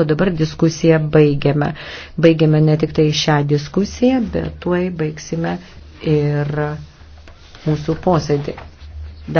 O dabar diskusiją baigiame. Baigiame ne tik tai šią diskusiją, bet tuoj baigsime ir mūsų posėdį.